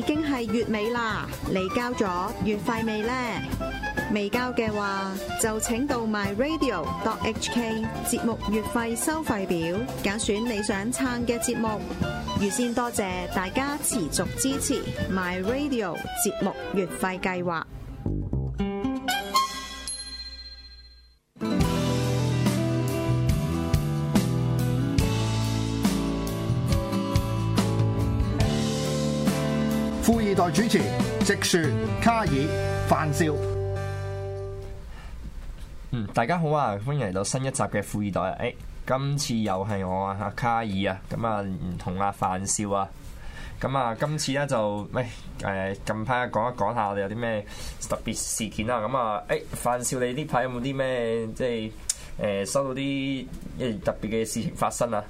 已經係月尾啦，你交咗月費未呢？未交嘅話，就請到 myradio.hk 節目月費收費表，揀選你想撐嘅節目。預先多謝大家持續支持 myradio 節目月費計劃。在主持直船卡爾范少，嗯，大家好啊，歡迎嚟到新一集嘅富易袋啊！誒、哎，今次又係我啊，阿卡爾啊，咁啊，唔、啊、同、哎呃、啊，啊，范少啊，咁啊，今次咧就，喂，誒，近排啊，講一講下我哋有啲咩特別事件啊，咁啊，誒，范少你呢排有冇啲咩，即係。誒收到啲一特別嘅事情發生啊，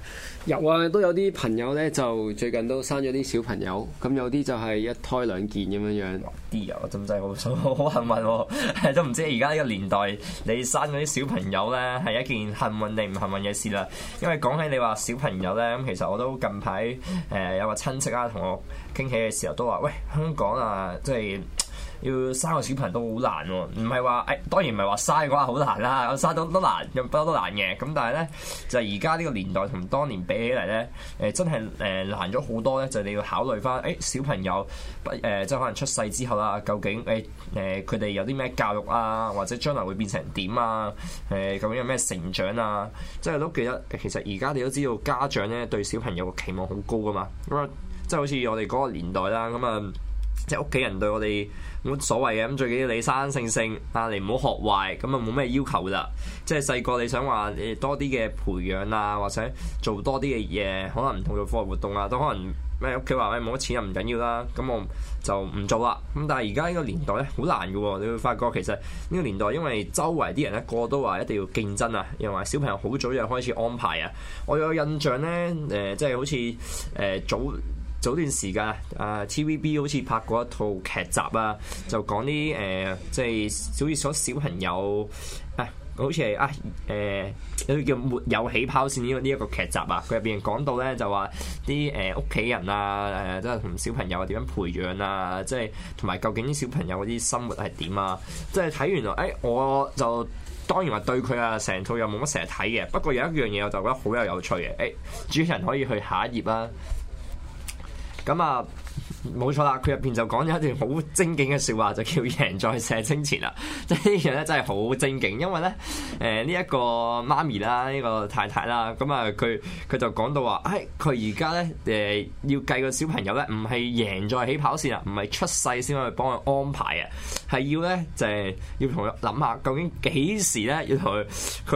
有啊，都有啲朋友咧就最近都生咗啲小朋友，咁有啲就係一胎兩件咁樣樣。啲啊，D，真真係好，好幸運喎、哦， 都唔知而家呢個年代你生嗰啲小朋友咧係一件幸運定唔幸運嘅事啦。因為講起你話小朋友咧，咁其實我都近排誒有個親戚啊，同我傾起嘅時候都話，喂，香港啊，即係～要生個小朋友都好難喎、哦，唔係話誒，當然唔係話嘥嘅話好難啦、啊，生都都難，養都都難嘅。咁但係咧，就而家呢個年代同當年比起嚟咧，誒、呃、真係誒難咗好多咧。就係、你要考慮翻誒、哎、小朋友誒、呃，即係可能出世之後啦，究竟誒誒佢哋有啲咩教育啊，或者將來會變成點啊、呃？究竟有咩成長啊？即係都記得，其實而家你都知道家長咧對小朋友嘅期望好高㗎嘛。咁啊，即係好似我哋嗰個年代啦，咁啊，即係屋企人對我哋。冇所謂嘅，咁最緊要你生生性性啊，你唔好學壞，咁啊冇咩要求啦。即係細個你想話誒多啲嘅培養啊，或者做多啲嘅嘢，可能唔同做課外活動啊，都可能咩屋企話咩冇乜錢又唔緊要啦。咁我就唔做啦。咁但係而家呢個年代咧，好難嘅喎。你會發覺其實呢個年代，因為周圍啲人咧個都話一定要競爭啊，又話小朋友好早就開始安排啊。我有個印象咧，誒、呃、即係好似誒、呃、早。早段時間啊、uh，TVB 好似拍過一套劇集啊，就講啲誒，即係好似所小朋友、哎、啊，好似係啊誒，有叫沒有起跑線呢、這個呢一、這個劇集啊。佢入邊講到咧，就話啲誒屋企人啊，誒即係同小朋友點樣培養啊，即係同埋究竟啲小朋友嗰啲生活係點啊？即係睇完啊、哎，我就當然話對佢啊，成套又冇乜成日睇嘅。不過有一樣嘢我就覺得好有有趣嘅，誒、哎、主持人可以去下一頁啦、啊。咁啊！冇錯啦，佢入邊就講咗一段好正經嘅説話，就叫贏在射精前啦。即係呢樣咧真係好正經，因為咧誒呢一、呃呢個媽咪啦，呢、這個太太啦，咁啊佢佢就講到話，唉、哎，佢而家咧誒要計個小朋友咧，唔係贏在起跑線啊，唔係出世先可以幫佢安排啊，係要咧就係、是、要同佢諗下，究竟幾時咧要同佢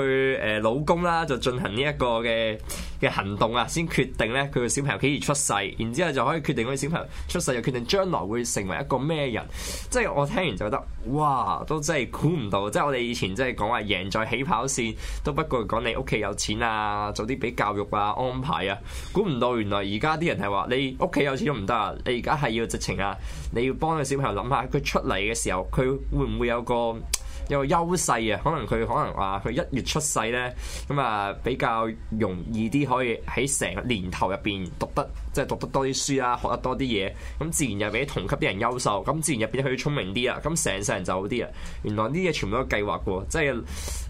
佢老公啦就進行呢一個嘅嘅行動啊，先決定咧佢個小朋友幾時出世，然後之後就可以決定嗰啲小朋友。出世就決定將來會成為一個咩人？即係我聽完就覺得，哇！都真係估唔到。即係我哋以前真係講話贏在起跑線，都不過講你屋企有錢啊，早啲俾教育啊安排啊。估唔到原來而家啲人係話，你屋企有錢都唔得啊！你而家係要直情啊，你要幫個小朋友諗下，佢出嚟嘅時候，佢會唔會有個？有個優勢啊，可能佢可能話佢一月出世咧，咁啊比較容易啲，可以喺成個年頭入邊讀得，即係讀得多啲書啊，學得多啲嘢，咁自然又比同級啲人優秀，咁自然入邊佢聰明啲啊，咁成世人就好啲啊，原來呢啲嘢全部都計劃過，即係。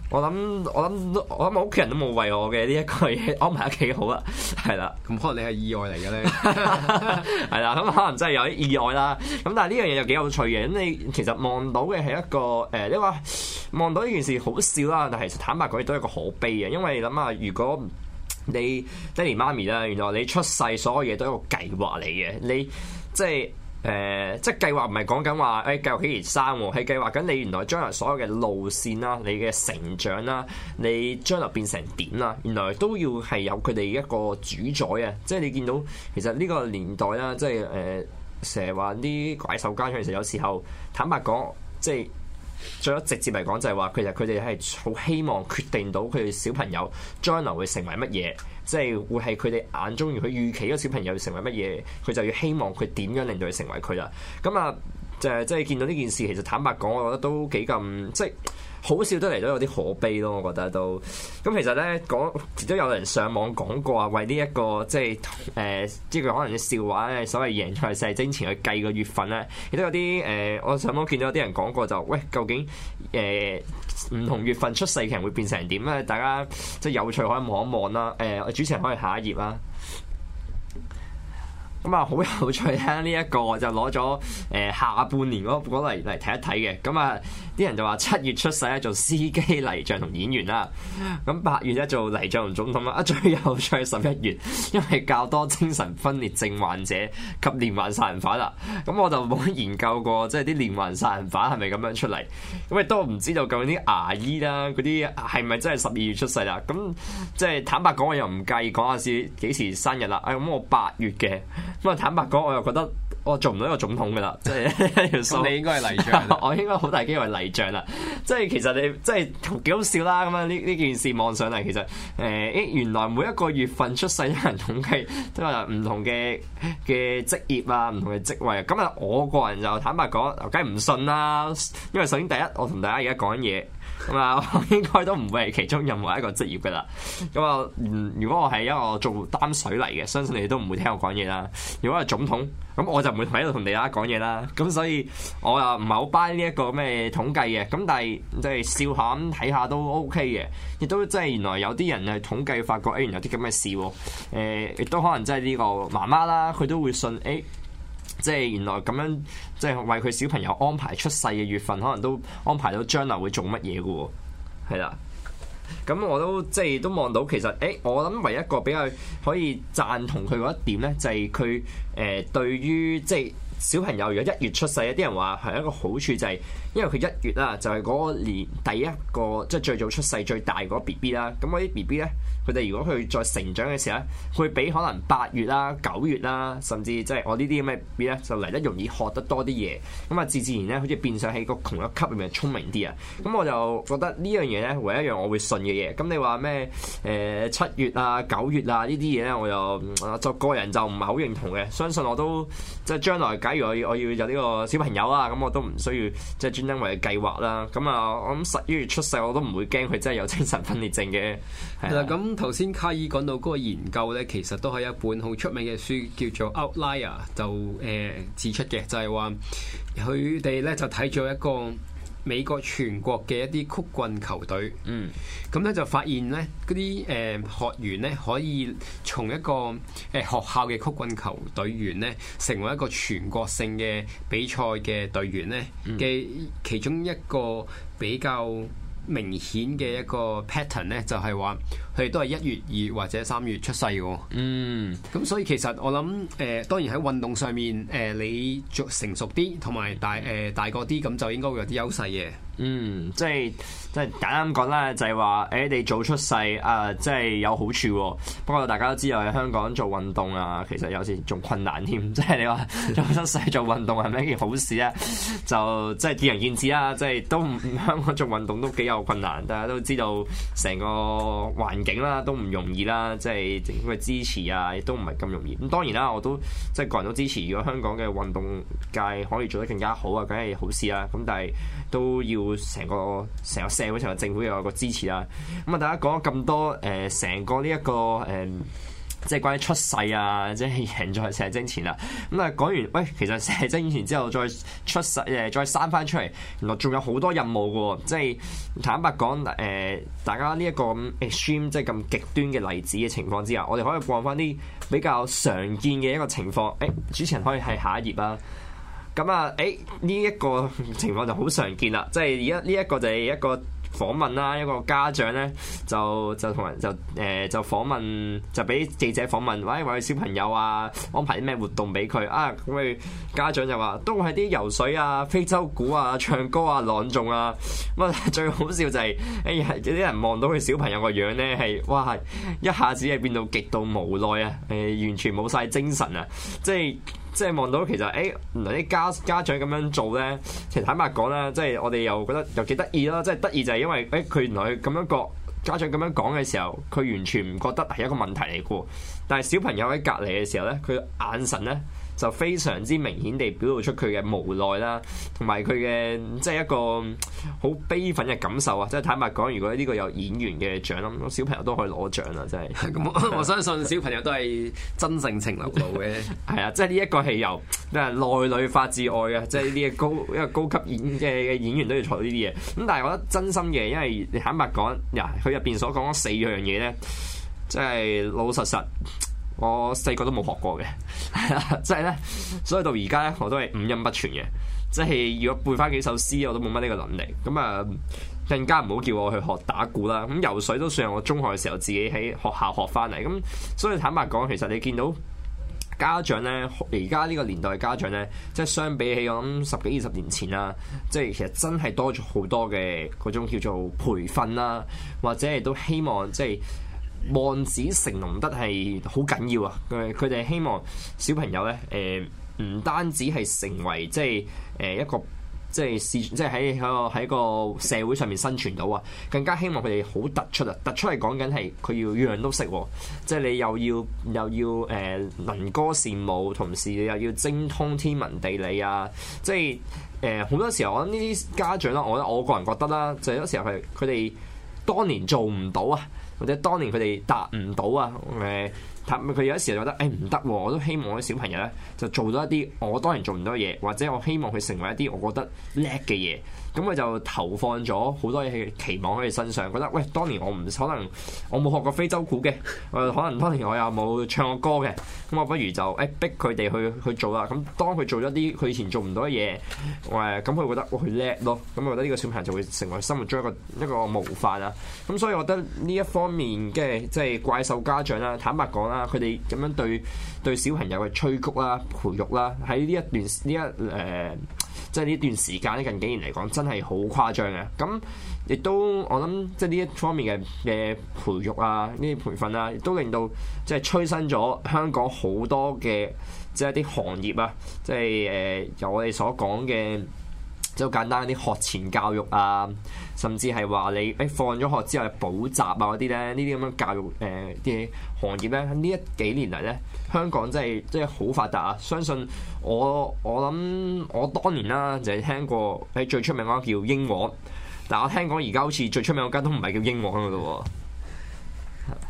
我諗我諗我諗我屋企人都冇為我嘅呢一個嘢安排得幾好啊，係 啦、嗯，咁可能你係意外嚟嘅咧，係 啦， 咁、嗯、可能真係有啲意外啦。咁但係呢樣嘢又幾有趣嘅。咁你其實望到嘅係一個誒、呃，你話望到呢件事好笑啦，但係坦白講亦都係一個可悲嘅。因為你諗下，如果你爹哋媽咪咧，原來你出世所有嘢都係一個計劃嚟嘅，你即係。誒、呃，即係計劃唔係講緊話，誒、欸、計劃起而生喎、啊，係計劃緊你原來將來所有嘅路線啦、啊，你嘅成長啦、啊，你將來變成點啦、啊，原來都要係有佢哋一個主宰啊！即係你見到其實呢個年代啦，即係誒成日話啲怪獸家長，其實有時候坦白講，即係最直接嚟講，就係話其實佢哋係好希望決定到佢哋小朋友將來會成為乜嘢。即係會係佢哋眼中，如果預期一個小朋友要成為乜嘢，佢就要希望佢點樣令到佢成為佢啦。咁啊，就係即係見到呢件事，其實坦白講，我覺得都幾咁即係。好笑得嚟都有啲可悲咯，我覺得都。咁其實咧，講其實都有人上網講過啊，為呢、這、一個即係誒，即係佢可能啲笑話嘅所謂贏在射精前去計個月份咧，亦都有啲誒、呃。我上網見到有啲人講過，就喂，究竟誒唔、呃、同月份出世嘅人會變成點咧？大家即係有趣可以望一望啦。誒、呃，主持人可以下一頁啦。咁啊，好有趣咧！呢、啊、一、這個就攞咗誒下半年嗰嗰嚟嚟睇一睇嘅。咁啊～啲人就話七月出世咧做司機、泥匠同演員啦，咁八月咧做泥匠同總統啊！最後再係十一月，因為較多精神分裂症患者及連環殺人犯啦。咁我就冇研究過，即係啲連環殺人犯係咪咁樣出嚟？咁亦都唔知道究竟啲牙醫啦、啊，嗰啲係咪真係十二月出世啦？咁即係坦白講，我又唔介意講下先幾時生日啦。哎，咁我八月嘅。咁啊，坦白講，我又覺得。我、哦、做唔到一個總統嘅啦，即係 你應該係泥匠，我應該好大機會係泥匠啦。 即係其實你即係幾好笑啦，咁樣呢呢件事望上嚟，其實誒，誒、呃、原來每一個月份出世啲人統計，即係有唔同嘅嘅職業啊，唔同嘅職位。咁啊，我個人就坦白講，梗係唔信啦，因為首先第一，我同大家而家講嘢。啊， 應該都唔會係其中任何一個職業嘅啦。咁我，如果我係一個做擔水嚟嘅，相信你都唔會聽我講嘢啦。如果係總統，咁我就唔會喺度同大家講嘢啦。咁所以我又唔係好 buy 呢一個咩統計嘅。咁但係即係笑下咁睇下都 O K 嘅，亦都即係原來有啲人係統計發覺誒，哎、原來有啲咁嘅事喎。亦都可能即係呢個媽媽啦，佢都會信誒。哎即係原來咁樣，即係為佢小朋友安排出世嘅月份，可能都安排到將來會做乜嘢嘅喎，係啦。咁我都即係都望到，其實誒、欸，我諗唯一一個比較可以贊同佢嗰一點咧，就係佢誒對於即係小朋友如果一月出世，有啲人話係一個好處就係、是。因為佢一月啦、啊，就係、是、嗰個年第一個即係最早出世最大嗰個 B B 啦。咁嗰啲 B B 咧，佢哋如果佢再成長嘅時候咧，會比可能八月啦、九月啦，甚至即係我呢啲咁嘅 B B 咧，就嚟得容易學得多啲嘢。咁啊，自自然咧，好似變相喺個同一級入面聰明啲啊。咁我就覺得樣呢樣嘢咧，唯一一樣我會信嘅嘢。咁你話咩？誒、呃、七月啊、九月啊呢啲嘢咧，我就就個人就唔係好認同嘅。相信我都即係將來，假如我要我要有呢個小朋友啊，咁我都唔需要即係、就是因為計劃啦，咁啊，我諗十一月出世，我都唔會驚佢真係有精神分裂症嘅。係啦，咁頭先卡爾講到嗰個研究咧，其實都係一本好出名嘅書，叫做《Outlier》，就誒指出嘅就係話，佢哋咧就睇咗一個。美國全國嘅一啲曲棍球隊，咁咧、嗯、就發現咧，嗰啲誒學員咧可以從一個誒學校嘅曲棍球隊員咧，成為一個全國性嘅比賽嘅隊員咧嘅其中一個比較。明顯嘅一個 pattern 咧，就係話佢都係一月二月或者三月出世嘅。嗯，咁所以其實我諗誒、呃，當然喺運動上面誒、呃，你成熟啲同埋大誒、呃、大個啲，咁就應該會有啲優勢嘅。嗯，即係即係簡單講啦，就係、是、話，誒、欸，你早出世啊，即係有好處、啊。不過大家都知道喺香港做運動啊，其實有時仲困難添。即係你話 早出世做運動係咪一件好事咧、啊？就即係見仁見智啦、啊。即係都，唔香港做運動都幾有困難。大家都知道成個環境啦、啊，都唔容易啦、啊。即係政府嘅支持啊，亦都唔係咁容易。咁當然啦，我都即係個人都支持。如果香港嘅運動界可以做得更加好，好啊，梗係好事啦。咁但係都要。成個成個社會成個政府又有一個支持啦，咁啊大家講咗咁多誒，成、呃、個呢、這、一個誒、呃，即係關於出世啊，即係贏在射精前啦。咁啊講完，喂，其實射精前之後再出世誒、呃，再生翻出嚟，原來仲有好多任務嘅喎。即係坦白講誒、呃，大家呢一個 extreme 即係咁極端嘅例子嘅情況之下，我哋可以逛翻啲比較常見嘅一個情況。誒、欸，主持人可以係下一頁啦。咁啊，誒呢、嗯欸這個這個、一個情況就好常見啦，即係而家呢一個就係一個訪問啦，一個家長咧就就同人就誒、呃、就訪問，就俾記者訪問，喂，話佢小朋友啊，安排啲咩活動俾佢啊？咁、嗯、佢家長就話都係啲游水啊、非洲鼓啊、唱歌啊、朗誦啊。咁、嗯、啊，最好笑就係誒有啲人望到佢小朋友個樣咧係哇，一下子係變到極度無奈啊，誒、呃、完全冇晒精神啊，即係。即係望到其實，誒、欸、原來啲家家長咁樣做咧，其實坦白講啦，即係我哋又覺得又幾得意咯。即係得意就係因為，誒、欸、佢原來佢咁樣講家長咁樣講嘅時候，佢完全唔覺得係一個問題嚟嘅。但係小朋友喺隔離嘅時候咧，佢眼神咧。就非常之明顯地表露出佢嘅無奈啦，同埋佢嘅即係一個好悲憤嘅感受啊！即係坦白講，如果呢個有演員嘅獎，咁小朋友都可以攞獎啊！真係咁、 嗯，我相信小朋友都係真性情流露嘅。係啊， 即係呢一個係由內裏發自外啊。即係呢啲高一個高級演嘅演員都要做呢啲嘢。咁但係我覺得真心嘅，因為坦白講，嗱佢入邊所講嗰四樣嘢咧，即係老實實。我細個都冇學過嘅，即係咧，所以到而家咧我都係五音不全嘅，即係如果背翻幾首詩我都冇乜呢個能力。咁啊，更加唔好叫我去學打鼓啦。咁游水都算係我中學嘅時候自己喺學校學翻嚟。咁所以坦白講，其實你見到家長咧，而家呢個年代嘅家長咧，即係相比起我諗十幾二十年前啦，即係其實真係多咗好多嘅嗰種叫做培訓啦，或者係都希望，即係。望子成龍得係好緊要啊！佢佢哋希望小朋友咧，誒、呃、唔單止係成為即係誒、呃、一個即係試即係喺喺個喺個社會上面生存到啊，更加希望佢哋好突出啊！突出係講緊係佢要樣樣都識，即係你又要又要誒、呃、能歌善舞，同時你又要精通天文地理啊！即係誒好多時候，我諗呢啲家長啦，我覺得我個人覺得啦，就係、有時候係佢哋當年做唔到啊！或者當年佢哋達唔到啊！誒、嗯。佢有一時就覺得誒唔得，我都希望我啲小朋友咧就做到一啲我當然做唔到嘅嘢，或者我希望佢成為一啲我覺得叻嘅嘢，咁佢就投放咗好多嘢期望喺佢身上，覺得喂，當年我唔可能我冇學過非洲鼓嘅，可能當年我又冇唱過歌嘅，咁我不如就誒逼佢哋去去做啦。咁當佢做咗啲佢以前做唔到嘅嘢，喂咁佢覺得哇佢叻咯，咁覺得呢個小朋友就會成為佢生活中一個一個模範喇。咁所以我覺得呢一方面嘅即係怪獸家長啦，坦白講啦。啊！佢哋咁樣對對小朋友嘅催谷啦、啊、培育啦，喺呢一段呢一誒，即係呢段時間咧，近幾年嚟講真係好誇張嘅。咁亦都我諗，即係呢一方面嘅嘅培育啊、呢啲、呃培、啊、培訓啊，亦都令到即係催生咗香港好多嘅即係一啲行業啊，即係誒、呃、由我哋所講嘅。就好簡單啲學前教育啊，甚至係話你誒、欸、放咗學之後補習啊嗰啲咧，呢啲咁樣教育誒嘅、呃、行業咧，呢一幾年嚟咧，香港真係真係好發達啊！相信我，我諗我當年啦、啊、就係、是、聽過誒最出名嗰間叫英皇，但我聽講而家好似最出名嗰間都唔係叫英皇啦喎。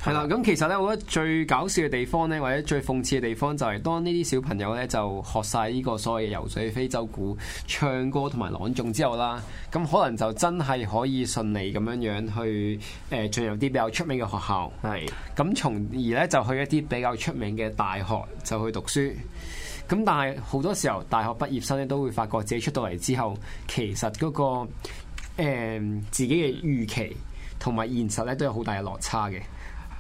係啦，咁其實咧，我覺得最搞笑嘅地方咧，或者最諷刺嘅地方就係當呢啲小朋友咧就學晒呢個所謂嘅游水、非洲鼓、唱歌同埋朗誦之後啦，咁可能就真係可以順利咁樣樣去誒、呃、進入啲比較出名嘅學校。係咁是，從而咧就去一啲比較出名嘅大學就去讀書。咁但係好多時候，大學畢業生咧都會發覺自己出到嚟之後，其實嗰、那個、呃、自己嘅預期同埋現實咧都有好大嘅落差嘅。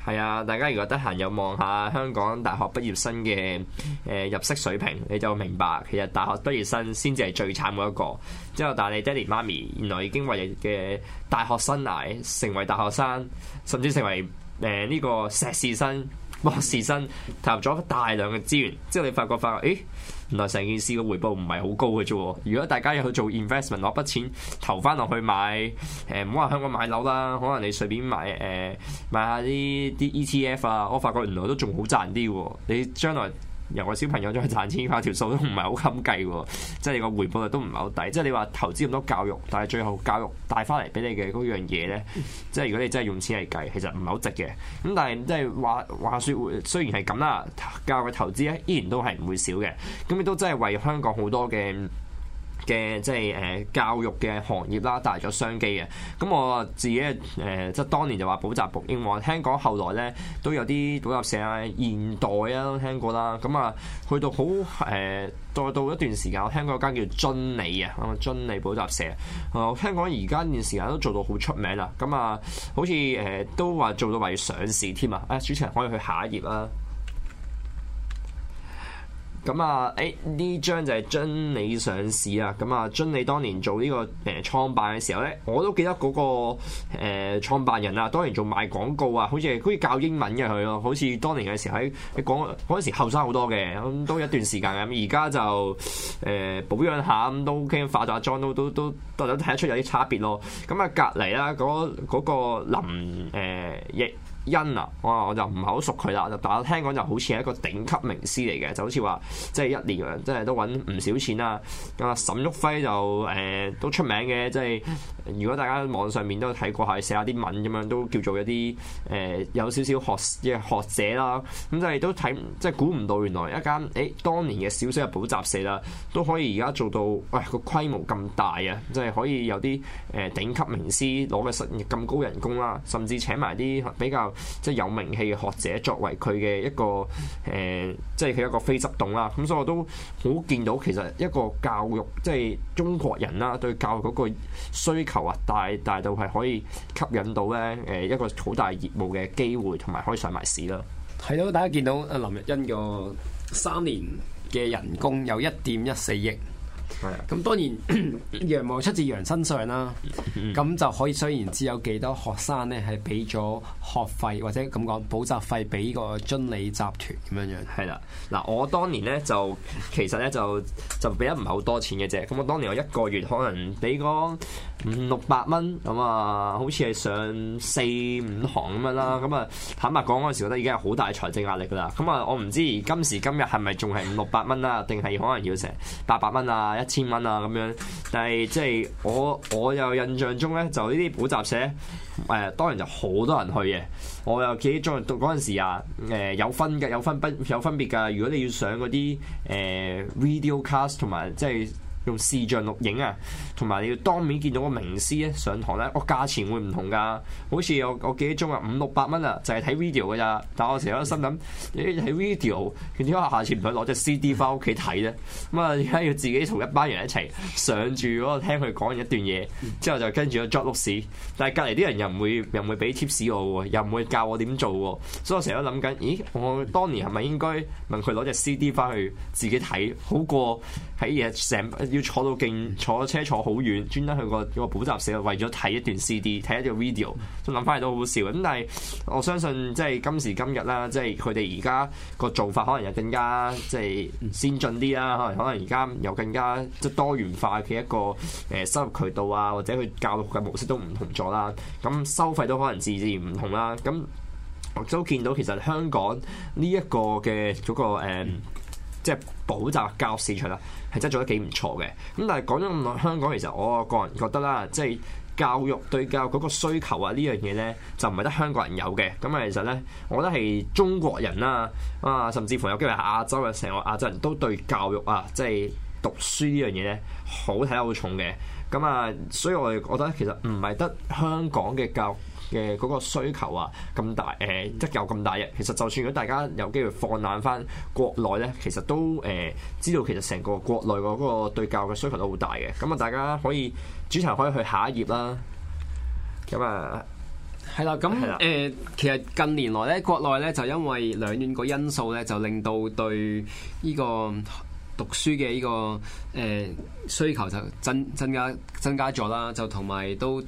係啊，大家如果得閒有望下香港大學畢業生嘅誒、呃、入息水平，你就明白其實大學畢業生先至係最慘嗰一個。之後但係你爹哋媽咪原來已經為你嘅大學生涯，成為大學生，甚至成為誒呢、呃這個碩士生、博士生投入咗大量嘅資源。之後你發覺發覺，咦、欸？原來成件事個回報唔係好高嘅啫喎，如果大家要去做 investment 攞筆錢投翻落去買，誒唔好話香港買樓啦，可能你隨便買誒、呃、買下啲啲 ETF 啊，我發覺原來都仲好賺啲喎，你將來。由個小朋友再去賺錢翻條數都唔係好襟計喎，即係你個回報率都唔係好抵。即係你話投資咁多教育，但係最後教育帶翻嚟俾你嘅嗰樣嘢咧，即係如果你真係用錢嚟計，其實唔係好值嘅。咁但係即係話話説，雖然係咁啦，教育嘅投資咧依然都係唔會少嘅。咁亦都真係為香港好多嘅。嘅即係誒、呃、教育嘅行業啦，帶嚟咗商機嘅。咁我自己誒、呃、即係當年就話補習部英皇，聽講後來咧都有啲補習社啊，現代啊都聽過啦。咁、嗯、啊，去到好誒再到一段時間，我聽講有間叫津理啊，咁啊津理補習社啊、嗯，聽講而家一段時間都做到好出名啦。咁、嗯、啊，好似誒、呃、都話做到咪要上市添啊！啊、哎，主持人可以去下一頁啦。咁啊，誒呢、嗯欸、張就係津利上市啊，咁啊津利當年做呢、這個誒、呃、創辦嘅時候咧，我都記得嗰、那個誒、呃、創辦人啊，當年做賣廣告啊，好似係好似教英文嘅佢咯，好似當年嘅時候喺喺廣嗰陣時後生好多嘅。咁、嗯、都有一段時間咁，而家就誒、呃、保養下咁、嗯、都 o 化下妝都都都都有睇得出有啲差別咯，咁、嗯、啊隔離啦，嗰、那個林誒亦。呃因啊，哇，我就唔係好熟佢啦，但係聽講就好似係一個頂級名師嚟嘅，就好似話即係一年即係都揾唔少錢啦。咁啊，沈旭輝就誒、呃、都出名嘅，即係。如果大家網上面都睇過，係寫下啲文咁樣都叫做一啲誒、呃、有少少學嘅學者啦。咁就係都睇，即係估唔到原來一間誒、欸、當年嘅小小嘅補習社啦，都可以而家做到喂個規模咁大啊！即係可以有啲誒頂級名師攞嘅實咁高人工啦，甚至請埋啲比較即係有名氣嘅學者作為佢嘅一個誒、呃、即係佢一個非執董啦。咁、嗯、所以我都好見到其實一個教育即係中國人啦對教育嗰個需求。啊，大大到係可以吸引到咧，誒、呃、一個好大業務嘅機會，同埋可以上埋市啦。係咯，大家見到林溢欣個三年嘅人工有一點一四億，係啊的，咁當然羊 毛出自羊身上啦，咁 就可以雖然知有幾多學生咧係俾咗學費或者咁講補習費俾個遵理集團咁樣樣。係啦，嗱、啊，我當年咧就其實咧就就俾得唔係好多錢嘅啫，咁我當年我一個月可能俾個五六百蚊咁啊，好似係上四五行咁樣啦。咁、嗯、啊，坦白講嗰陣時覺得已經係好大財政壓力㗎喇。咁、嗯、啊，我唔知今時今日係咪仲係五六百蚊啊，定係可能要成八百蚊啊、一千蚊啊咁樣。但係即係我我又印象中咧，就呢啲補習社誒、呃，當然就好多人去嘅。我又記起在讀嗰陣時啊，誒、呃、有分嘅，有分不有分別㗎。如果你要上嗰啲誒 video class 同埋即係。用視像錄影啊，同埋你要當面見到個名師咧上堂咧，我、哦、價錢會唔同㗎？好似我我記憶中啊，五六百蚊啊，就係睇 video 㗎咋？但我成日都心諗，咦、欸，睇 video 點解下次唔去攞隻 CD 翻屋企睇咧？咁、嗯、啊，而家要自己同一班人一齊上住聽佢講完一段嘢，之後就跟住我捉碌士。但係隔離啲人又唔會又唔會俾 tips 我喎，又唔會教我點做喎。所以我成日都諗緊，咦，我當年係咪應該問佢攞隻 CD 翻去自己睇，好過喺嘢成？要坐到勁坐車坐好遠，專登去個個補習社為咗睇一段 CD，睇一段 video，仲諗翻嚟都好笑。咁但係我相信，即係今時今日啦，即係佢哋而家個做法可能又更加即係先進啲啦。可能可能而家又更加即多元化嘅一個誒、呃、收入渠道啊，或者佢教育嘅模式都唔同咗啦。咁收費都可能自，自然唔同啦。咁我都見到其實香港呢一個嘅嗰、嗰個、嗯即係補習教育市場啦，係真係做得幾唔錯嘅。咁但係講咗咁耐，香港其實我個人覺得啦，即係教育對教育嗰個需求啊，樣呢樣嘢咧就唔係得香港人有嘅。咁啊，其實咧，我覺得係中國人啦啊，啊，甚至乎有機會係亞洲嘅成個亞洲人都對教育啊，即係讀書樣呢樣嘢咧好睇好重嘅。咁啊，所以我哋覺得其實唔係得香港嘅教育。嘅嗰個需求啊咁大，誒、呃、即有咁大嘅。其實就算如果大家有機會放眼翻國內咧，其實都誒、呃、知道其實成個國內嗰個對教育嘅需求都好大嘅。咁啊，大家可以主持可以去下一頁啦。咁啊，係啦。咁誒了、呃，其實近年來咧，國內咧就因為兩院個因素咧，就令到對呢、這個讀書嘅呢、這個誒、呃、需求就增增加增加咗啦，就同埋都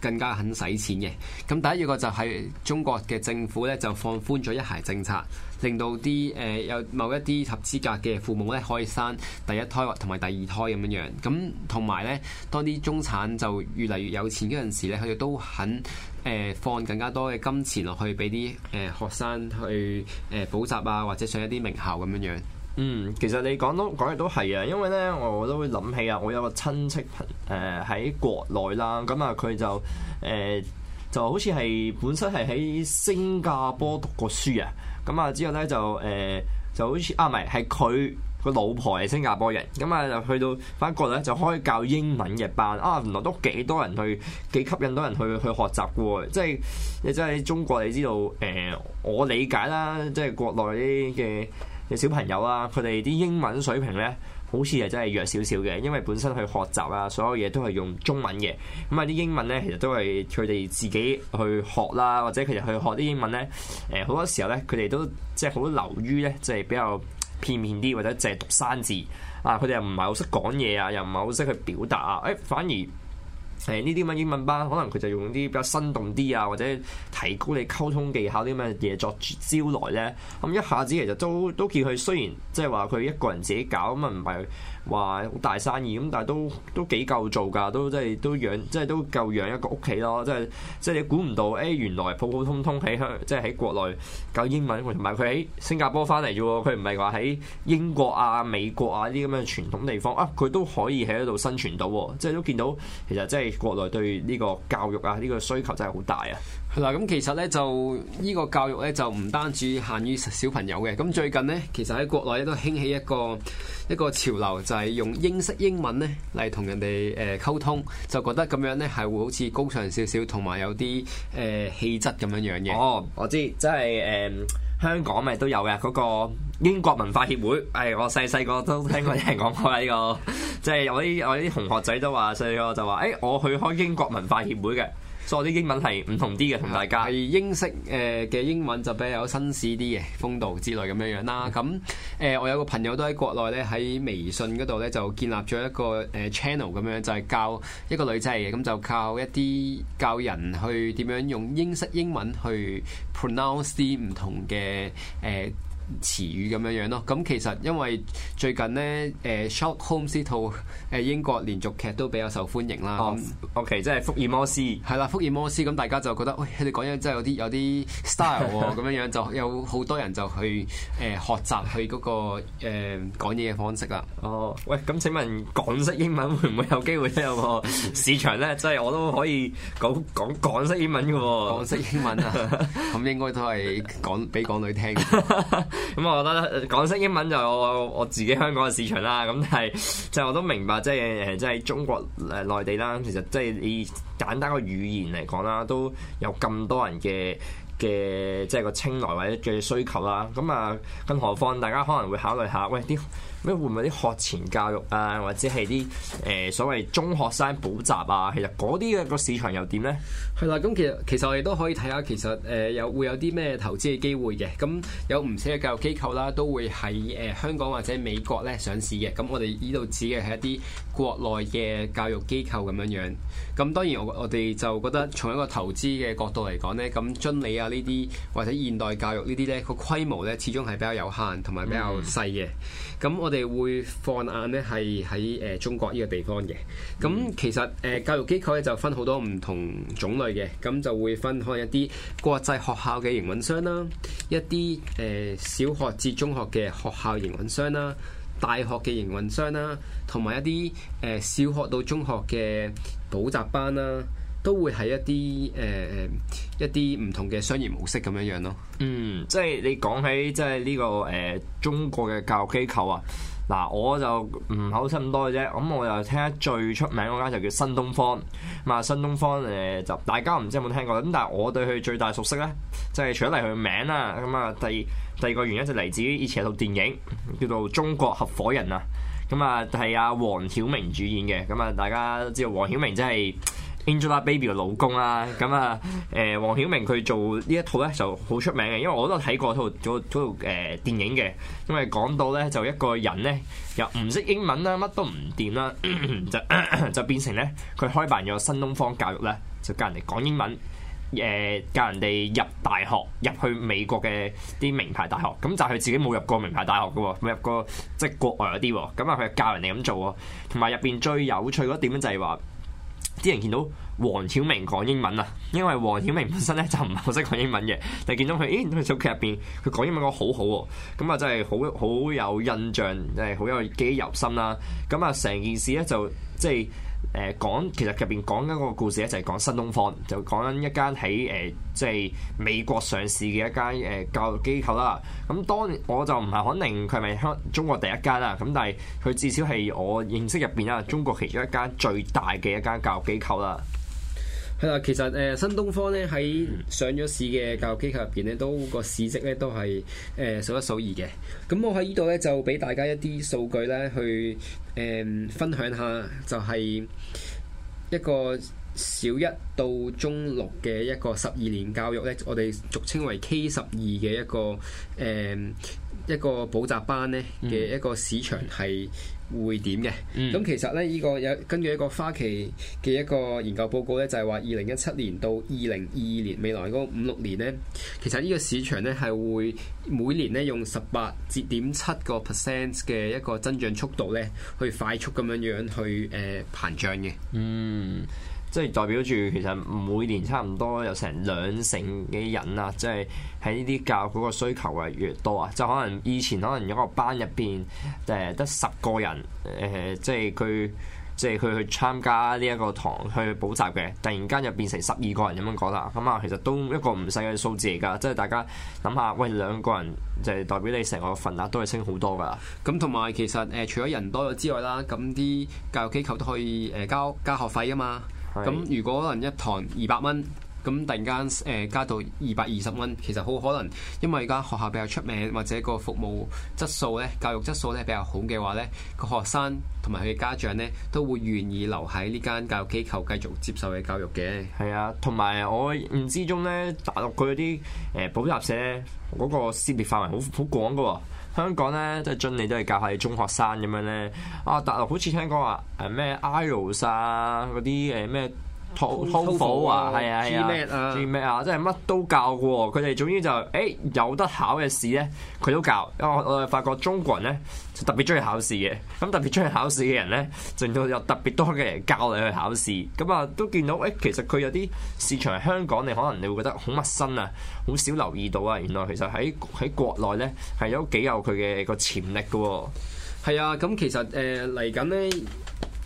更加肯使錢嘅。咁第一個就係中國嘅政府咧就放寬咗一孩政策，令到啲誒、呃、有某一啲合資格嘅父母咧可以生第一胎或同埋第二胎咁樣樣。咁同埋咧，當啲中產就越嚟越有錢嗰陣時咧，佢哋都肯誒、呃、放更加多嘅金錢落去俾啲誒學生去誒、呃、補習啊，或者上一啲名校咁樣樣。嗯，其實你講，講都講嘢都係啊，因為咧，我我都會諗起啊，我有個親戚朋誒喺國內啦，咁啊佢就誒、啊、就好似係本身係喺新加坡讀過書啊，咁啊之後咧就誒、啊、就好似啊唔係，係佢個老婆係新加坡人，咁啊就去到翻國咧就開教英文嘅班啊，原來都幾多人去，幾吸引多人去去學習嘅喎、啊，即係你真係中國你知道誒、啊，我理解啦，即係國內啲嘅。嘅小朋友啊，佢哋啲英文水平咧，好似係真係弱少少嘅，因為本身去學習啊，所有嘢都係用中文嘅，咁啊啲英文咧，其實都係佢哋自己去學啦，或者佢哋去學啲英文咧，誒好多時候咧，佢哋都即係好流於咧，即係比較片面啲，或者淨係讀生字啊，佢哋又唔係好識講嘢啊，又唔係好識去表達啊，誒、哎、反而。誒呢啲咁英文班，可能佢就用啲比較生動啲啊，或者提高你溝通技巧啲咁嘅嘢作招來咧，咁一下子其實都都見佢雖然即係話佢一個人自己搞，咁啊唔係。話好大生意咁，但係都都幾夠做㗎，都即係都養，即係都夠養一個屋企咯。即係即係你估唔到，誒、欸、原來普普通通喺香，即係喺國內教英文，同埋佢喺新加坡翻嚟啫喎。佢唔係話喺英國啊、美國啊啲咁嘅傳統地方，啊佢都可以喺度生存到，即係都見到其實即係國內對呢個教育啊呢個需求真係好大啊！嗱，咁其實咧就呢個教育咧就唔單止限於小朋友嘅。咁最近咧，其實喺國內咧都興起一個一個潮流，就係用英式英文咧嚟同人哋誒溝通，就覺得咁樣咧係會好似高尚少少，同埋有啲誒氣質咁樣樣嘅。哦，我知，即係誒、嗯、香港咪都有嘅嗰、那個英國文化協會。係、哎、我細細個都聽過啲人講過呢個 即係有啲我啲同學仔都話細個就話，誒、欸、我去開英國文化協會嘅。所以啲英文係唔同啲嘅，同、嗯、大家係英式誒嘅英文就比較有紳士啲嘅風度之類咁樣樣啦。咁誒、嗯，我有個朋友都喺國內咧，喺微信嗰度咧就建立咗一個誒 channel 咁樣，就係、是、教一個女仔嚟嘅，咁就靠一啲教人去點樣用英式英文去 pronounce 啲唔同嘅誒、呃詞語咁樣樣咯，咁其實因為最近呢，『誒《Sherlock Holmes 套誒英國連續劇都比較受歡迎啦。哦、oh，OK，即係福爾摩斯，係啦，福爾摩斯，咁大家就覺得，喂、哎，你講嘢真係有啲有啲 style 咁 樣樣，就有好多人就去誒、呃、學習去嗰、那個誒、呃、講嘢嘅方式啦。哦，oh，喂，咁請問港式英文會唔會有機會有個市場咧？即係 我都可以講講港式英文嘅喎、哦。港式英文啊，咁 應該都係講俾港女聽。咁、嗯、我覺得講識英文就我我自己香港嘅市場啦，咁係就我都明白，即係即係中國誒內地啦。其實即係以簡單嘅語言嚟講啦，都有咁多人嘅嘅即係個青睞或者嘅需求啦。咁、嗯、啊，更何況大家可能會考慮下，喂啲。咩會唔會啲學前教育啊，或者係啲誒所謂中學生補習啊？其實嗰啲嘅個市場又點呢？係啦，咁其實其實我哋都可以睇下，其實誒有會有啲咩投資嘅機會嘅。咁有唔少嘅教育機構啦，都會喺誒、呃、香港或者美國咧上市嘅。咁我哋呢度指嘅係一啲國內嘅教育機構咁樣樣。咁當然我我哋就覺得從一個投資嘅角度嚟講呢，咁遵理啊呢啲或者現代教育呢啲呢，個規模呢，始終係比較有限同埋比較細嘅。咁、嗯嗯、我。我哋會放眼咧，係喺誒中國呢個地方嘅。咁其實誒、呃、教育機構咧就分好多唔同種類嘅，咁就會分開一啲國際學校嘅營運商啦，一啲誒、呃、小學至中學嘅學校營運商啦，大學嘅營運商啦，同埋一啲誒、呃、小學到中學嘅補習班啦。都會喺一啲誒誒一啲唔同嘅商業模式咁樣樣咯。嗯，即係你講起即係呢、這個誒、呃、中國嘅教育機構啊。嗱，我就唔好識咁多嘅啫。咁我就聽得最出名嗰間就叫新東方。咁啊，新東方誒、呃、就大家唔知有冇聽過啦。咁但係我對佢最大熟悉咧，就係、是、除咗嚟佢名啊。咁、嗯、啊，第二第二個原因就嚟自於以前有套電影叫做《中國合夥人》嗯嗯、啊。咁啊，係阿黃曉明主演嘅。咁、嗯、啊，大家都知道黃曉明真係～Angelababy 嘅老公啦，咁、嗯、啊，誒黃曉明佢做呢一套咧就好出名嘅，因為我都睇過套，套套誒電影嘅，因為講到咧就一個人咧又唔識英文啦，乜都唔掂啦，就咳咳就變成咧佢開辦咗新東方教育咧，就教人哋講英文，誒、嗯、教人哋入大學，入去美國嘅啲名牌大學，咁就係佢自己冇入過名牌大學嘅喎，冇入過即係國外嗰啲喎，咁啊佢教人哋咁做喎，同埋入邊最有趣嗰點咧就係話。啲人見到黃曉明講英文啊，因為黃曉明本身咧就唔係好識講英文嘅，但見到佢，咦，佢套劇入邊佢講英文講得好好喎，咁啊真係好好有印象，誒好有記憶猶新啦，咁啊成件事咧就即係。誒講緊其實入邊講嗰個故事咧，就係講新東方，就講緊一間喺誒即係美國上市嘅一間誒教育機構啦。咁當然我就唔係肯定佢係咪香中國第一間啊，咁但係佢至少係我認識入邊啦，中國其中一間最大嘅一間教育機構啦。係啦，其實誒、呃、新東方咧喺上咗市嘅教育機構入邊咧，都個市值咧都係誒、呃、數一數二嘅。咁我喺呢度咧就俾大家一啲數據咧去誒、呃、分享下，就係、是、一個。小一到中六嘅一個十二年教育呢，我哋俗稱為 K 十二嘅一個誒、呃、一個補習班呢嘅一個市場係、嗯、會點嘅？咁、嗯、其實呢，依個有根據一個花旗嘅一個研究報告呢就係話二零一七年到二零二二年未來嗰五六年呢，其實呢個市場呢係會每年呢用十八點七個 percent 嘅一個增長速度呢去快速咁樣樣去誒膨脹嘅。嗯。即係代表住，其實每年差唔多有成兩成嘅人啊，即係喺呢啲教育嗰個需求係越多啊。就可能以前可能一個班入邊誒得十個人誒、呃，即係佢即係佢去參加呢一個堂去補習嘅，突然間又變成十二個人咁樣講啦。咁、嗯、啊，其實都一個唔細嘅數字嚟噶。即係大家諗下，喂兩個人就係、是、代表你成個份額都係升好多噶。咁同埋其實誒、呃，除咗人多咗之外啦，咁啲教育機構都可以誒加加學費啊嘛。咁如果可能一堂二百蚊，咁突然間誒加到二百二十蚊，其實好可能，因為而家學校比較出名，或者個服務質素咧、教育質素咧比較好嘅話咧，個學生同埋佢嘅家長咧都會願意留喺呢間教育機構繼續接受嘅教育嘅。係啊，同埋我唔知中咧大陸佢啲誒補習社嗰、嗰個涉獵範圍好好廣㗎喎、哦。香港咧即係將你都係教下啲中學生咁樣咧啊！大陸好似聽講話誒咩 iOS 啊嗰啲誒咩。托福啊，係啊係啊，知咩啊？知咩啊？即係乜都教嘅喎，佢哋總之就，誒、欸、有得考嘅試咧，佢都教。因為我我哋發覺中國人咧，就特別中意考試嘅，咁特別中意考試嘅人咧，仲有有特別多嘅人教你去考試。咁啊，都見到，誒、欸、其實佢有啲市場，香港你可能你會覺得好陌生啊，好少留意到啊。原來其實喺喺國內咧係都幾有佢嘅個潛力嘅喎。係啊，咁、啊嗯、其實誒嚟緊咧。呃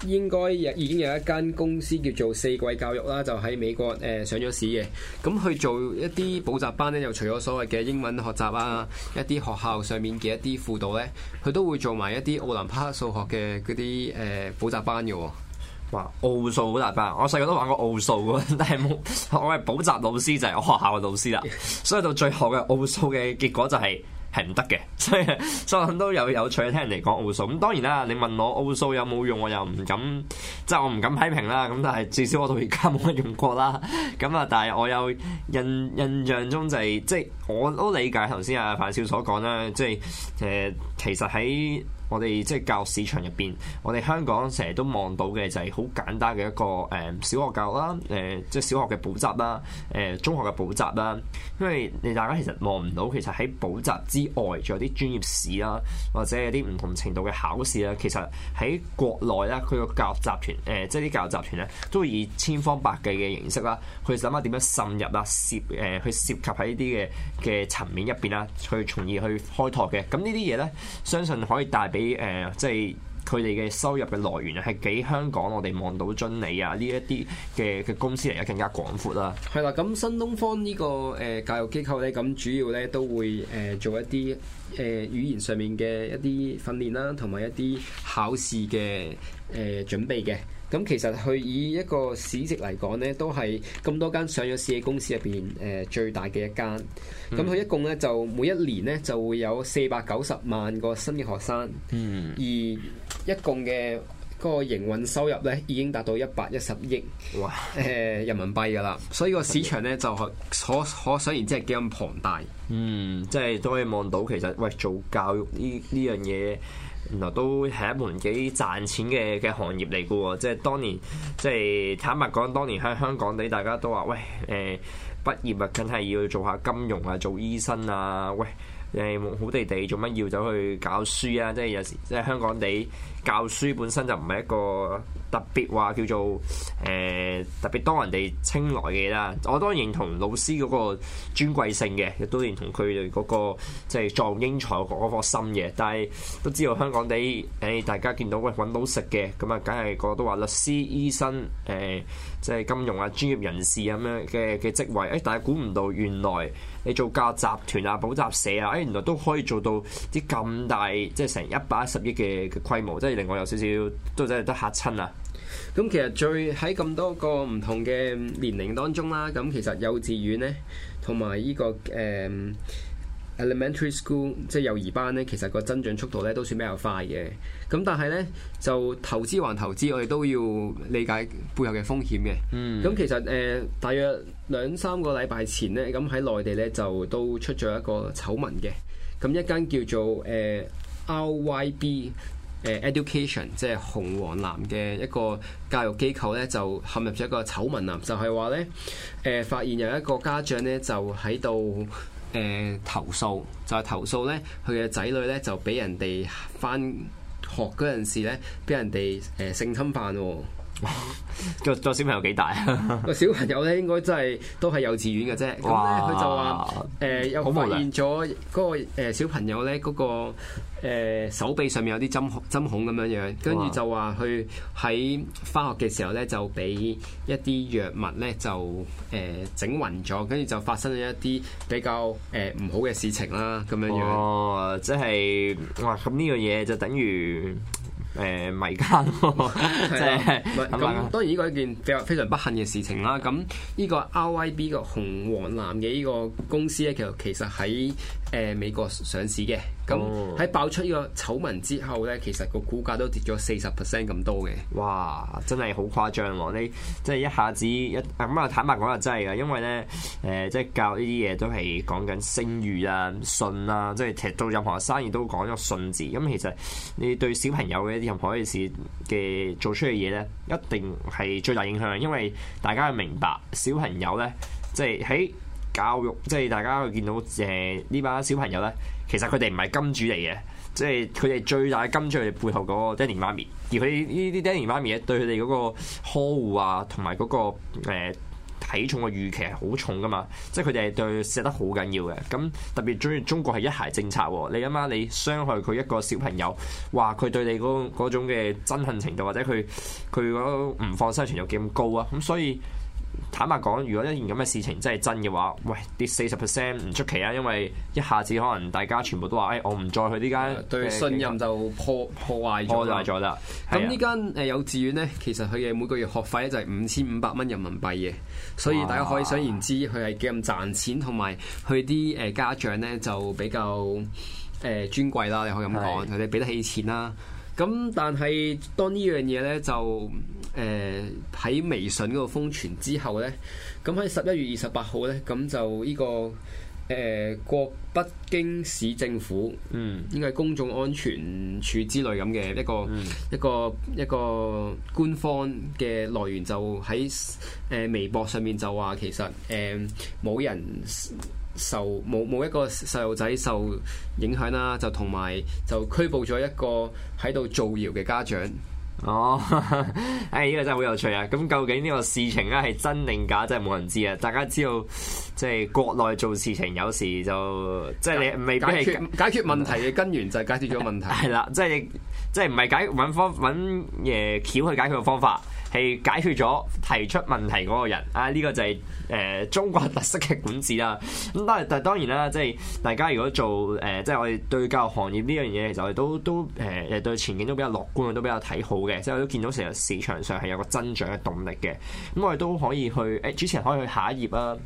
應該有已經有一間公司叫做四季教育啦，就喺美國誒、呃、上咗市嘅。咁佢做一啲補習班咧，又除咗所謂嘅英文學習啊，一啲學校上面嘅一啲輔導咧，佢都會做埋一啲奧林匹克數學嘅嗰啲誒補習班嘅喎、哦。哇！奧數好大班，我細個都玩過奧數喎，但係我係補習老師就係、我、學校嘅老師啦， 所以到最後嘅奧數嘅結果就係、是。係唔得嘅，所以所以都有有趣嘅。聽人哋講奧數咁，當然啦，你問我奧數有冇用，我又唔敢，即係我唔敢批評啦。咁但係至少我到而家冇乜用過啦。咁啊，但係我有印印象中就係、是、即係我都理解頭先阿范少所講啦，即係誒、呃、其實喺。我哋即係教育市場入邊，我哋香港成日都望到嘅就係好簡單嘅一個誒、嗯、小學教育啦，誒、呃、即係小學嘅補習啦，誒、呃、中學嘅補習啦。因為你大家其實望唔到，其實喺補習之外，仲有啲專業試啦，或者有啲唔同程度嘅考試啦。其實喺國內咧，佢個教育集團誒、呃、即係啲教育集團咧，都會以千方百計嘅形式啦，去諗下點樣滲入啊涉誒去、呃、涉及喺呢啲嘅嘅層面入邊啦，去從而去開拓嘅。咁呢啲嘢咧，相信可以帶。俾誒、嗯，即係佢哋嘅收入嘅來源啊，係幾香港？我哋望到盡你啊呢一啲嘅嘅公司嚟得更加廣闊啦，啊。係啦，咁新東方呢個誒教育機構咧，咁主要咧都會誒做一啲誒語言上面嘅一啲訓練啦，同埋一啲考試嘅誒準備嘅。咁其實佢以一個市值嚟講呢都係咁多間上咗市嘅公司入邊誒最大嘅一間。咁佢、嗯、一共呢，就每一年呢就會有四百九十萬個新嘅學生，嗯、而一共嘅嗰個營運收入呢已經達到一百一十億誒哇、呃、人民幣㗎啦。嗯、所以個市場呢，就可可想而知係幾咁龐大。嗯，即係都可以望到其實喂做教育呢呢樣嘢。原來都係一門幾賺錢嘅嘅行業嚟嘅喎，即係當年即係坦白講，當年喺香港地大家都話：喂誒、呃、畢業啊，梗係要做下金融啊，做醫生啊，喂誒你好地地做乜要走去搞書啊？即係有時即係香港地。教書本身就唔係一個特別話叫做誒、呃、特別多人哋青睞嘅啦。我當然認同老師嗰個尊貴性嘅，亦都認同佢哋嗰個即係壯英才嗰顆心嘅。但係都知道香港地誒、哎、大家見到喂揾、哎、到食嘅咁啊，梗係個都話律師醫生誒、呃、即係金融啊專業人士咁樣嘅嘅職位。誒但係估唔到原來你做教集團啊補習社啊，誒、哎、原來都可以做到啲咁大即係成一百一十億嘅規模，即係。令我有少少都真係得嚇親啊！咁其實最喺咁多個唔同嘅年齡當中啦，咁其實幼稚園咧同埋依個誒、嗯、elementary school 即係幼兒班咧，其實個增長速度咧都算比較快嘅。咁但係咧就投資還投資，我哋都要理解背後嘅風險嘅。嗯，咁其實誒、呃、大約兩三個禮拜前咧，咁喺內地咧就都出咗一個醜聞嘅。咁一間叫做誒、呃、RYB。Education 即係紅黃藍嘅一個教育機構呢，就陷入咗一個醜聞啊！就係話呢，誒發現有一個家長呢，就喺度誒投訴，就係投訴呢，佢嘅仔女呢，就俾人哋翻學嗰陣時咧，俾人哋誒性侵犯喎。個個 小朋友幾大啊？個小朋友咧，應該真係都係幼稚園嘅啫。咁咧哇，佢就話誒，呃、哇又發現咗嗰、那個誒、呃、小朋友咧、那個，嗰個誒手臂上面有啲針針孔咁樣樣，跟住哇就話去喺翻學嘅時候咧，就俾一啲藥物咧，就誒整暈咗，跟、呃、住就發生咗一啲比較誒唔、呃、好嘅事情啦。咁樣樣哦，即係哇，咁呢樣嘢就等於。誒、呃、迷奸、哦，即係咁。當然呢個係一件比較非常不幸嘅事情啦。咁呢 個 RYB 個紅黃藍嘅呢個公司咧，其實其實喺。誒美國上市嘅，咁喺爆出呢個醜聞之後咧，其實個股價都跌咗四十 percent 咁多嘅。哇！真係好誇張喎、啊！你即係一下子一咁啊！坦白講又真係嘅，因為咧誒、呃，即係教呢啲嘢都係講緊聲譽啊、信啊，即係其實做任何生意都講咗信字。咁、嗯、其實你對小朋友嘅任何一件事嘅做出嘅嘢咧，一定係最大影響，因為大家要明白小朋友咧，即係喺。教育即係大家會見到誒呢、呃、班小朋友咧，其實佢哋唔係金主嚟嘅，即係佢哋最大金主係背後嗰個爹哋媽咪。而佢哋呢啲爹哋媽咪對佢哋嗰個呵護啊，同埋嗰個誒、呃、體重嘅預期係好重噶嘛，即係佢哋對錫得好緊要嘅。咁特別中意，中國係一孩政策，你諗下你傷害佢一個小朋友，話佢對你嗰種嘅憎恨程度，或者佢佢唔放心情有幾咁高啊？咁所以。坦白講，如果一件咁嘅事情真係真嘅話，喂跌四十 percent 唔出奇啊！因為一下子可能大家全部都話，誒，我唔再去呢間。對，信任就破破壞咗。破壞咗啦。咁呢間誒幼稚園咧，其實佢嘅每個月學費咧就係五千五百蚊人民幣嘅，所以大家可以想而知佢係幾咁賺錢，同埋佢啲誒家長咧就比較誒尊貴啦，你可以咁講，佢哋俾得起錢啦。咁但係當呢樣嘢咧就。誒喺、呃、微信嗰個瘋傳之後呢，咁喺十一月二十八號呢，咁就呢、這個誒、呃、國北京市政府，嗯，應該係公眾安全處之類咁嘅一個、嗯、一個一個官方嘅來源，就喺誒微博上面就話其實誒冇、呃、人受冇冇一個細路仔受影響啦、啊，就同埋就拘捕咗一個喺度造謠嘅家長。哦，誒、哎，呢個真係好有趣啊！咁究竟呢個事情咧係真定假，真係冇人知啊！大家知道，即係國內做事情有時就即係你解，未必你解，解決，解決問題嘅根源就解決咗問題，係啦， 即係即係唔係解揾方揾嘢橋去解決嘅方法。係解決咗提出問題嗰個人啊！呢、這個就係、是、誒、呃、中國特色嘅管治啦。咁但係但係當然啦，即係大家如果做誒、呃，即係我哋對教育行業呢樣嘢，其實我哋都都誒，誒、呃、對前景都比較樂觀，都比較睇好嘅。即係我都見到成日市場上係有個增長嘅動力嘅。咁我哋都可以去誒、欸，主持人可以去下一頁啊。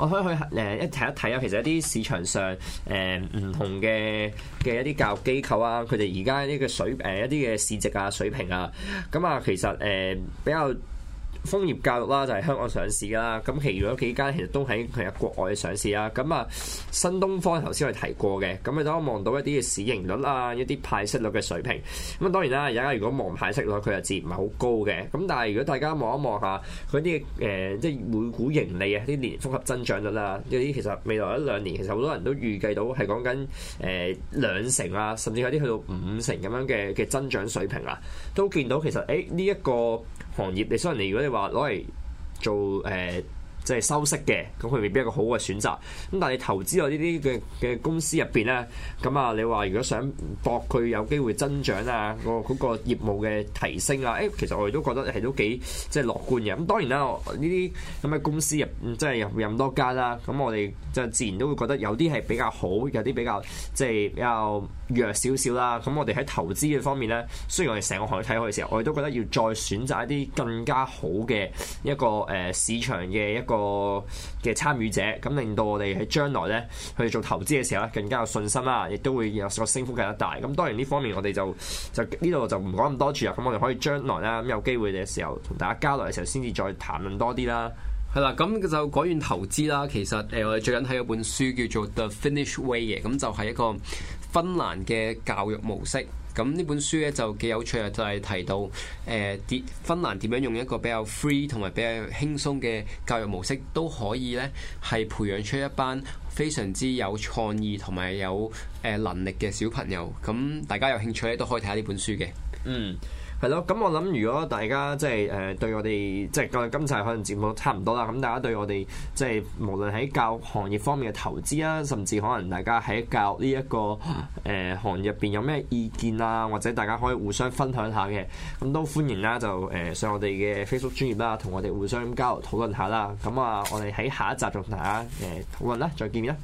我可以去誒一睇一睇啊，其實一啲市場上誒唔、呃、同嘅嘅一啲教育機構啊，佢哋而家呢個水誒、呃、一啲嘅市值啊水平啊，咁啊其實誒、呃、比較。楓葉教育啦，就係香港上市啦。咁其餘嗰幾間其實都喺佢有國外上市啦。咁啊，新東方頭先我哋提過嘅，咁你當我望到一啲嘅市盈率啊，一啲派息率嘅水平。咁啊，當然啦，而家如果望派息率，佢又自然唔係好高嘅。咁但係如果大家望一望下佢啲誒，即係每股盈利啊，啲年年複合增長率啊，呢啲其實未來一兩年其實好多人都預計到係講緊誒兩成啊，甚至有啲去到五成咁樣嘅嘅增長水平啊，都見到其實誒呢、欸、一個。行業，你所以你如果你話攞嚟做誒。呃即係收息嘅，咁佢未必一個好嘅選擇，咁但係投資我呢啲嘅嘅公司入邊咧，咁、嗯、啊，你話如果想搏佢有機會增長啊，嗰個、嗰個業務嘅提升啊，誒、欸、其實我哋都覺得係都幾即係樂觀嘅。咁當然啦，呢啲咁嘅公司入，即係入任多間啦、啊。咁、嗯、我哋就自然都會覺得有啲係比較好，有啲比較即係、就是、比較弱少少啦。咁、嗯、我哋喺投資嘅方面咧，雖然我哋成個行業睇開嘅時候，我哋都覺得要再選擇一啲更加好嘅一個誒市場嘅一個。一個呃個嘅參與者，咁令到我哋喺將來咧去做投資嘅時候咧，更加有信心啦，亦都會有個升幅更加大。咁當然呢方面我哋就就呢度就唔講咁多住啦。咁我哋可以將來咧有機會嘅時候同大家交流嘅時候，先至再談論多啲啦。係啦，咁就講完投資啦。其實誒，我哋最近睇咗本書叫做《The Finnish Way》嘅，咁就係一個芬蘭嘅教育模式。咁呢本書咧就幾有趣啊，就係提到誒，芬蘭點樣用一個比較 free 同埋比較輕鬆嘅教育模式，都可以咧係培養出一班非常之有創意同埋有誒能力嘅小朋友。咁大家有興趣咧都可以睇下呢本書嘅，嗯。係咯，咁我諗，如果大家即係誒對我哋即係今日今集可能節目差唔多啦，咁大家對我哋即係無論喺教育行業方面嘅投資啊，甚至可能大家喺教育呢、這、一個誒、呃、行業入邊有咩意見啊，或者大家可以互相分享下嘅，咁都歡迎啦。就誒上我哋嘅 Facebook 專頁啦，同我哋互相交流討論下啦。咁啊，我哋喺下一集仲同大家誒討論啦，再見面啦。